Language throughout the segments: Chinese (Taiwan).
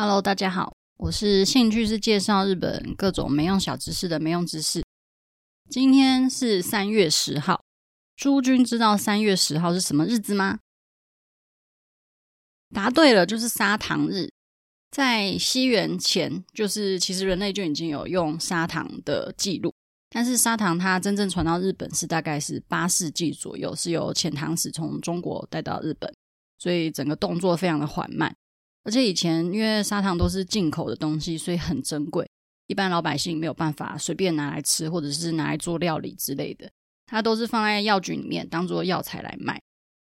哈嘍大家好，我是興趣是介紹日本各種沒用小知識的沒用知識。今天是三月十號，諸君知道三月十號是什麼日子嗎？答對了，就是砂糖日。在西元前，就是其實人類就已經有用砂糖的記錄，但是砂糖它真正傳到日本是大概是八世紀左右，是由遣唐使從中國帶到日本，所以整個動作非常的緩慢。而且以前因為砂糖都是進口的東西，所以很珍貴，一般老百姓沒有辦法隨便拿來吃，或者是拿來做料理之類的，它都是放在藥局裡面當做藥材來賣。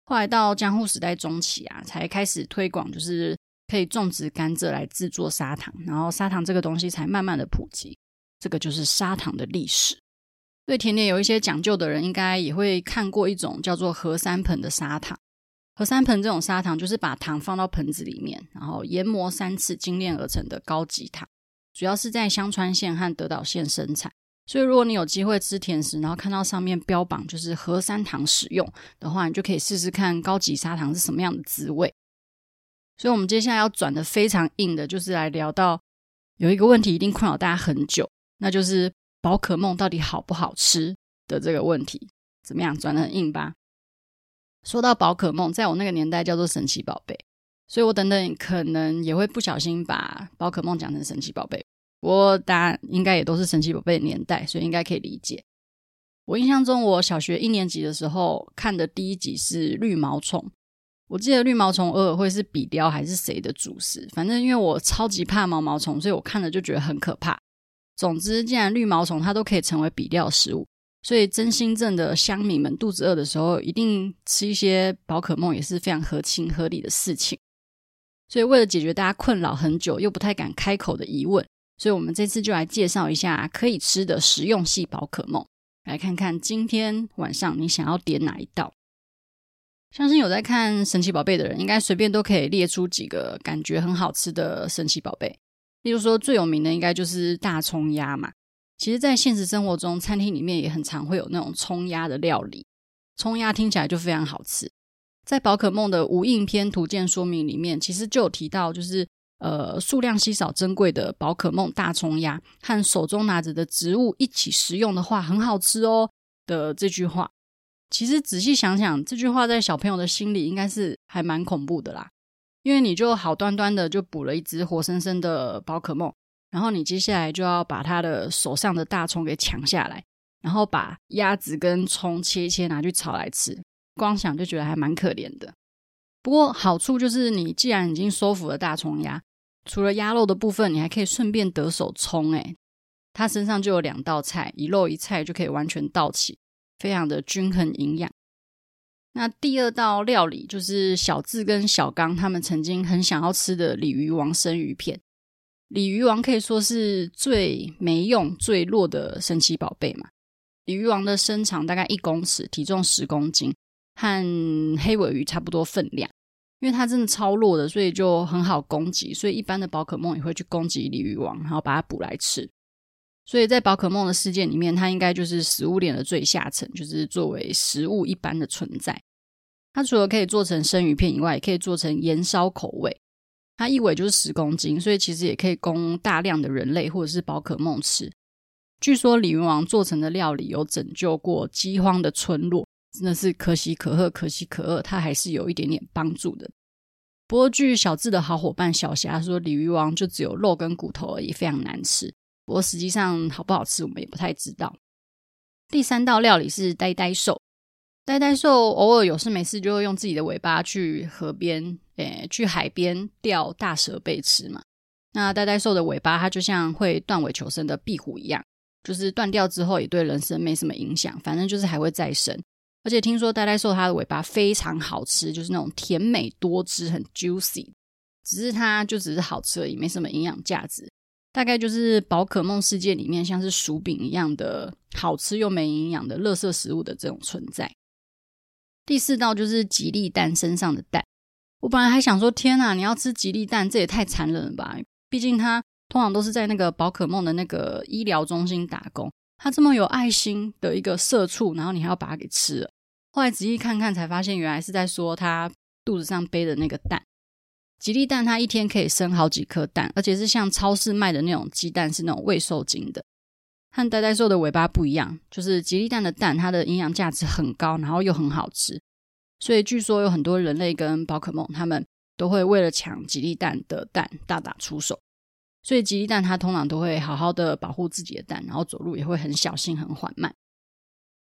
後來到江戶時代中期啊，才開始推廣，就是可以種植甘蔗來製作砂糖，然後砂糖這個東西才慢慢的普及。這個就是砂糖的歷史。對甜點有一些講究的人，應該也會看過一種叫做和三盆的砂糖。和三盆這種砂糖就是把糖放到盆子裡面，然後研磨三次精煉而成的高級糖，主要是在香川縣和德島縣生產。所以如果你有機會吃甜食，然後看到上面標榜就是和三糖使用的話，你就可以試試看高級砂糖是什麼樣的滋味。所以，我們接下來要轉的非常硬的，就是來聊到有一個問題，一定困擾大家很久，那就是寶可夢到底好不好吃的這個問題。怎麼樣，轉的很硬吧？說到寶可夢，在我那個年代叫做神奇寶貝，所以我等等可能也會不小心把寶可夢講成神奇寶貝。不過大家應該也都是神奇寶貝的年代，所以應該可以理解。我印象中，我小學一年級的時候看的第一集是綠毛蟲。我記得綠毛蟲偶爾會是比雕還是誰的主食，反正因為我超級怕毛毛蟲，所以我看了就覺得很可怕。總之，既然綠毛蟲它都可以成為比雕食物。所以，真新鎮的鄉民們肚子餓的時候，一定吃一些寶可夢也是非常合情合理的事情。所以，為了解決大家困擾很久又不太敢開口的疑問，所以我們這次就來介紹一下可以吃的食用系寶可夢，來看看今天晚上你想要點哪一道。相信有在看神奇寶貝的人，應該隨便都可以列出幾個感覺很好吃的神奇寶貝，例如說最有名的應該就是大蔥鴨嘛。其實，在現實生活中，餐廳裡面也很常會有那種沖鴨的料理。冲鴨聽起來就非常好吃。在寶可夢的無印篇圖鑑說明裡面，其實就有提到，就是呃數量稀少珍貴的寶可夢大沖鴨，和手中拿着的植物一起食用的話，很好吃哦的這句話。其實仔細想想，這句話在小朋友的心裡應該是還蠻恐怖的啦，因為你就好端端的就補了一隻活生生的寶可夢。然後你接下來就要把他的手上的大蔥給搶下來，然後把鴨子跟蔥切一切拿去炒來吃，光想就覺得還蠻可憐的。不過好處就是你既然已經收服了大蔥鴨，除了鴨肉的部分，你還可以順便得手蔥，誒他身上就有兩道菜，一肉一菜就可以完全到齊，非常的均衡營養。那第二道料理就是小智跟小剛他們曾經很想要吃的鯉魚王生魚片。鯉魚王可以說是最沒用、最弱的神奇寶貝嘛？鯉魚王的身長大概一公尺，體重十公斤，和黑鮪魚差不多分量。因為它真的超弱的，所以就很好攻擊。所以一般的寶可夢也會去攻擊鯉魚王，然後把它捕來吃。所以在寶可夢的世界裡面，它應該就是食物鏈的最下層，就是作為食物一般的存在。它除了可以做成生魚片以外，也可以做成鹽燒口味。它一尾就是十公斤，所以其實也可以供大量的人類或者是寶可夢吃。據說鯉魚王做成的料理有拯救過饑荒的村落，真的是可喜可賀，可喜可賀。它還是有一點點幫助的。不過據小智的好夥伴小霞說，鯉魚王就只有肉跟骨頭而已，非常難吃。不過實際上好不好吃，我們也不太知道。第三道料理是呆呆獸。呆呆獸偶爾有事沒事就會用自己的尾巴去河邊、誒、欸、去海邊釣大舌貝吃嘛。那呆呆獸的尾巴它就像會斷尾求生的壁虎一樣，就是斷掉之後也對人生沒什麼影響，反正就是還會再生。而且聽說呆呆獸它的尾巴非常好吃，就是那種甜美多汁、很 juicy。只是它就只是好吃而已，沒什麼營養價值。大概就是寶可夢世界裡面像是薯餅一樣的好吃又沒營養的垃圾食物的這種存在。第四道就是吉利蛋身上的蛋。我本來還想說，天哪，你要吃吉利蛋，這也太殘忍了吧！畢竟它通常都是在那個寶可夢的那個醫療中心打工，他這麼有愛心的一個社畜，然後你還要把它給吃了。後來仔細看看，才發現原來是在說他肚子上背的那個蛋。吉利蛋它一天可以生好幾顆蛋，而且是像超市賣的那種雞蛋，是那種未受精的。和呆呆獸的尾巴不一樣，就是吉利蛋的蛋，它的營養價值很高，然後又很好吃，所以據說有很多人類跟寶可夢，他們都會為了搶吉利蛋的蛋大打出手。所以吉利蛋它通常都會好好的保護自己的蛋，然後走路也會很小心、很緩慢。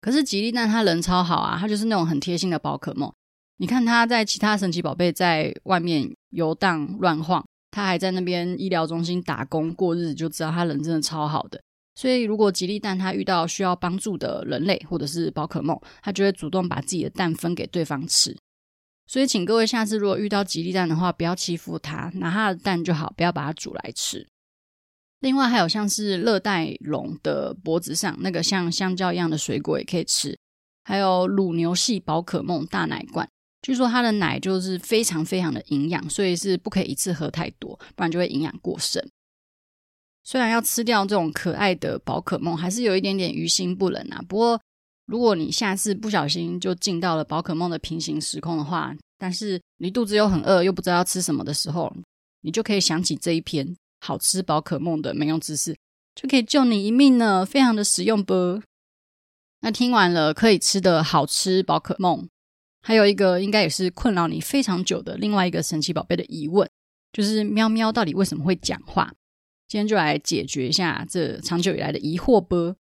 可是吉利蛋它人超好啊，它就是那種很貼心的寶可夢。你看它在其他神奇寶貝在外面遊蕩亂晃，它還在那邊醫療中心打工過日子，就知道它人真的超好的。所以，如果吉利蛋它遇到需要幫助的人類或者是寶可夢，它就會主動把自己的蛋分給對方吃。所以，請各位下次如果遇到吉利蛋的話，不要欺負它，拿它的蛋就好，不要把它煮來吃。另外，還有像是熱帶龍的脖子上那個像香蕉一樣的水果也可以吃，還有乳牛系寶可夢大奶罐，據說它的奶就是非常非常的營養，所以是不可以一次喝太多，不然就會營養過剩。雖然要吃掉這種可愛的寶可夢，還是有一點點於心不忍啊。不過，如果你下次不小心就進到了寶可夢的平行時空的話，但是你肚子又很餓，又不知道要吃什麼的時候，你就可以想起這一篇好吃寶可夢的沒用知識，就可以救你一命呢，非常的實用吧？那聽完了可以吃的好吃寶可夢，還有一個應該也是困擾你非常久的另外一個神奇寶貝的疑問，就是喵喵到底為什麼會講話？今天就來解決一下這長久以來的疑惑啵，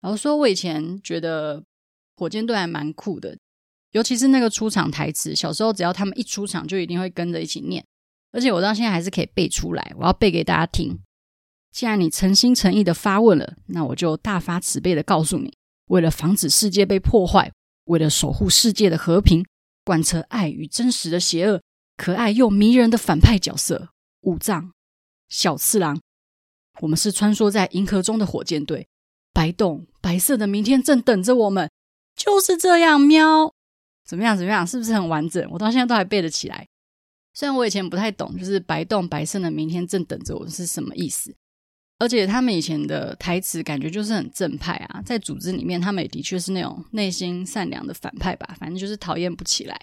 然後說，我以前覺得火箭隊還蠻酷的，尤其是那個出場台詞。小時候只要他們一出場，就一定會跟着一起念，而且我到現在還是可以背出來。我要背給大家聽。既然你誠心誠意的發問了，那我就大發慈悲的告訴你：為了防止世界被破壞，為了守護世界的和平，貫徹愛與真實的邪惡，可愛又迷人的反派角色——武藏。小次郎，我們是穿梭在銀河中的火箭隊，白洞白色的明天正等着我們，就是這樣喵。怎麼樣？怎麼樣？是不是很完整？我到現在都還背得起來。雖然我以前不太懂，就是白洞白色的明天正等着我是什麼意思。而且他們以前的台詞感覺就是很正派啊，在組織裡面他們也的確是那種內心善良的反派吧。反正就是討厭不起來。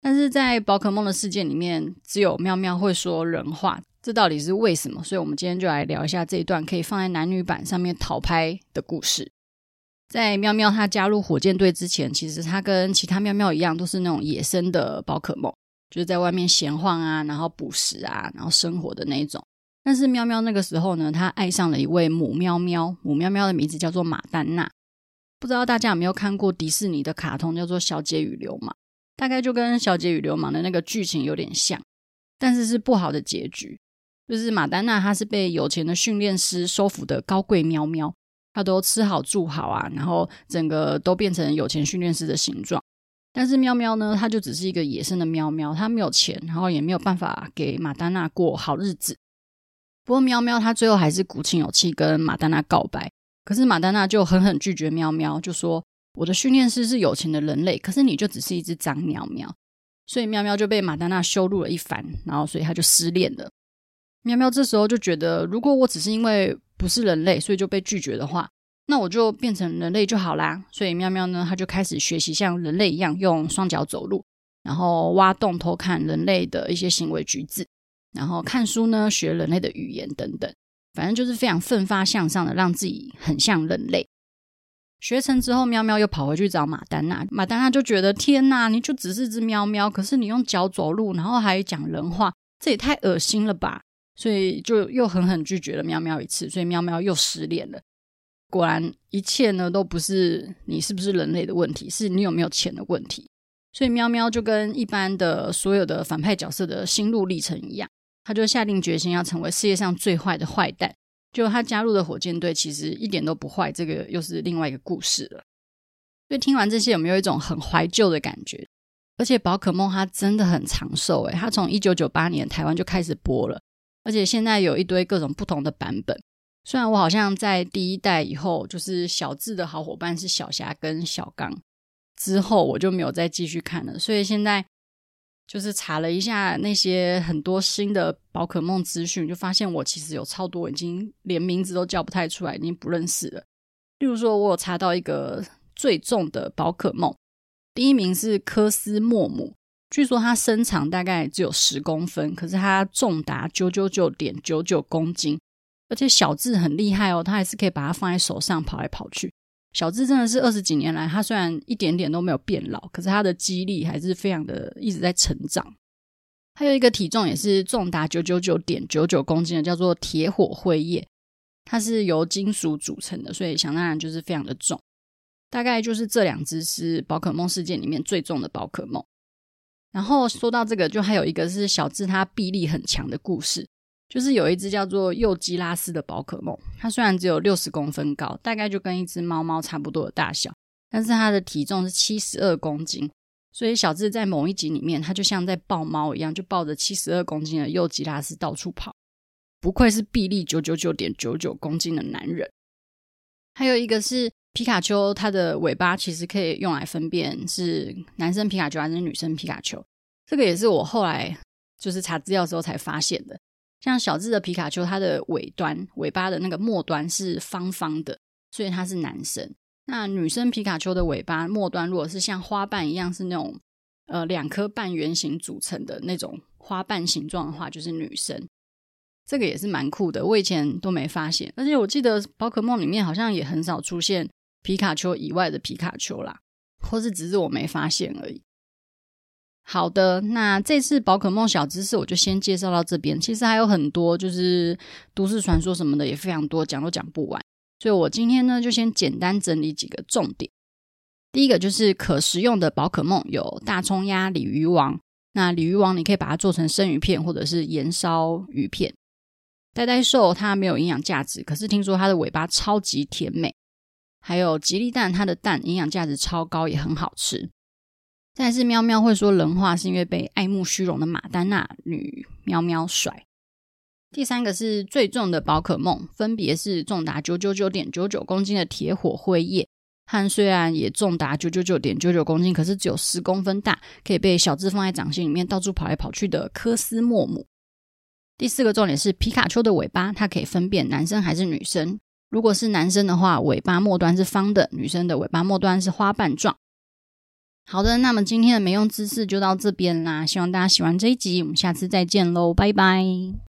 但是在寶可夢的世界裡面，只有喵喵會說人話。這到底是為什麼？所以我們今天就來聊一下這一段可以放在男女版上面討拍的故事。在喵喵它加入火箭隊之前，其實它跟其他喵喵一樣，都是那種野生的寶可夢，就是在外面閒晃啊，然後捕食啊，然後生活的那一種。但是喵喵那個時候呢，它愛上了一位母喵喵，母喵喵的名字叫做馬丹娜。不知道大家有沒有看過迪士尼的卡通叫做《小姐與流氓》，大概就跟《小姐與流氓》的那個劇情有點像，但是是不好的結局。就是馬丹娜，她是被有錢的訓練師收服的高貴喵喵，她都吃好住好啊，然後整個都變成有錢訓練師的形狀。但是喵喵呢，它就只是一個野生的喵喵，它沒有錢，然後也沒有辦法給馬丹娜過好日子。不過喵喵它最後還是鼓起勇氣跟馬丹娜告白，可是馬丹娜就狠狠拒絕喵喵，就說我的訓練師是有錢的人類，可是你就只是一隻髒喵喵，所以喵喵就被馬丹娜羞辱了一番，然後所以她就失戀了。喵喵這時候就覺得，如果我只是因為不是人類，所以就被拒絕的話，那我就變成人類就好啦。所以喵喵呢，它就開始學習像人類一樣用雙腳走路，然後挖洞偷看人類的一些行為舉止，然後看書呢，學人類的語言等等，反正就是非常奮發向上的，讓自己很像人類。學成之後，喵喵又跑回去找馬丹娜，馬丹娜就覺得：天哪，你就只是隻喵喵，可是你用腳走路，然後還講人話，這也太惡心了吧！所以就又狠狠拒絕了喵喵一次，所以喵喵又失戀了。果然一切呢都不是你是不是人類的問題，是你有沒有錢的問題。所以喵喵就跟一般的所有的反派角色的心路歷程一樣，他就下定決心要成為世界上最壞的壞蛋。就他加入的火箭隊其實一點都不壞，這個又是另外一個故事了。所以聽完這些，有沒有一種很懷舊的感覺？而且寶可夢它真的很長壽誒，它從一九九八年台灣就開始播了。而且現在有一堆各種不同的版本。雖然我好像在第一代以後，就是小智的好夥伴是小霞跟小剛，之後我就沒有再繼續看了。所以現在就是查了一下那些很多新的寶可夢資訊，就發現我其實有超多已經連名字都叫不太出來，已經不認識了。例如說，我有查到一個最重的寶可夢，第一名是科斯莫姆。據說它身長大概只有十公分，可是它重達九九九點九九公斤，而且小智很厲害哦，他還是可以把它放在手上跑來跑去。小智真的是二十幾年來，他雖然一點點都沒有變老，可是他的肌力還是非常的一直在成長。還有一個體重也是重達九九九點九九公斤的，叫做鐵火輝夜。它是由金屬組成的，所以想當然就是非常的重。大概就是這兩隻是寶可夢世界裡面最重的寶可夢。然後說到這個，就還有一個是小智他臂力很強的故事，就是有一隻叫做幼基拉斯的寶可夢，它雖然只有六十公分高，大概就跟一隻貓貓差不多的大小，但是它的體重是七十二公斤，所以小智在某一集裡面，他就像在抱貓一樣，就抱着七十二公斤的幼基拉斯到處跑，不愧是臂力九九九點九九公斤的男人。還有一個是。皮卡丘它的尾巴其實可以用來分辨是男生皮卡丘還是女生皮卡丘，這個也是我後來就是查資料之後才發現的。像小智的皮卡丘，它的尾端尾巴的那個末端是方方的，所以它是男生。那女生皮卡丘的尾巴末端如果是像花瓣一樣是那種呃兩顆半圓形組成的那種花瓣形狀的話，就是女生。這個也是蠻酷的，我以前都沒發現。而且我記得寶可夢裡面好像也很少出現。皮卡丘以外的皮卡丘啦，或是只是我沒發現而已。好的，那這次寶可夢小知識我就先介紹到這邊。其實還有很多，就是都市傳說什麼的也非常多，講都講不完。所以我今天呢就先簡單整理幾個重點。第一個就是可食用的寶可夢有大蔥鴨、鯉魚王。那鯉魚王你可以把它做成生魚片或者是鹽燒魚片。呆呆獸它沒有營養價值，可是聽說它的尾巴超級甜美。還有吉利蛋，它的蛋營養價值超高，也很好吃。再來是喵喵會說人話，是因為被愛慕虛榮的馬丹娜女喵喵甩。第三個是最重的寶可夢，分別是重達九九九點九九公斤的鐵火輝夜，和雖然也重達九九九點九九公斤，可是只有十公分大，可以被小智放在掌心裡面到處跑來跑去的科斯莫姆。第四個重點是皮卡丘的尾巴，它可以分辨男生還是女生。如果是男生的話，尾巴末端是方的；女生的尾巴末端是花瓣狀。好的，那麼今天的沒用知識就到這邊啦，希望大家喜歡這一集，我們下次再見嘍，拜拜。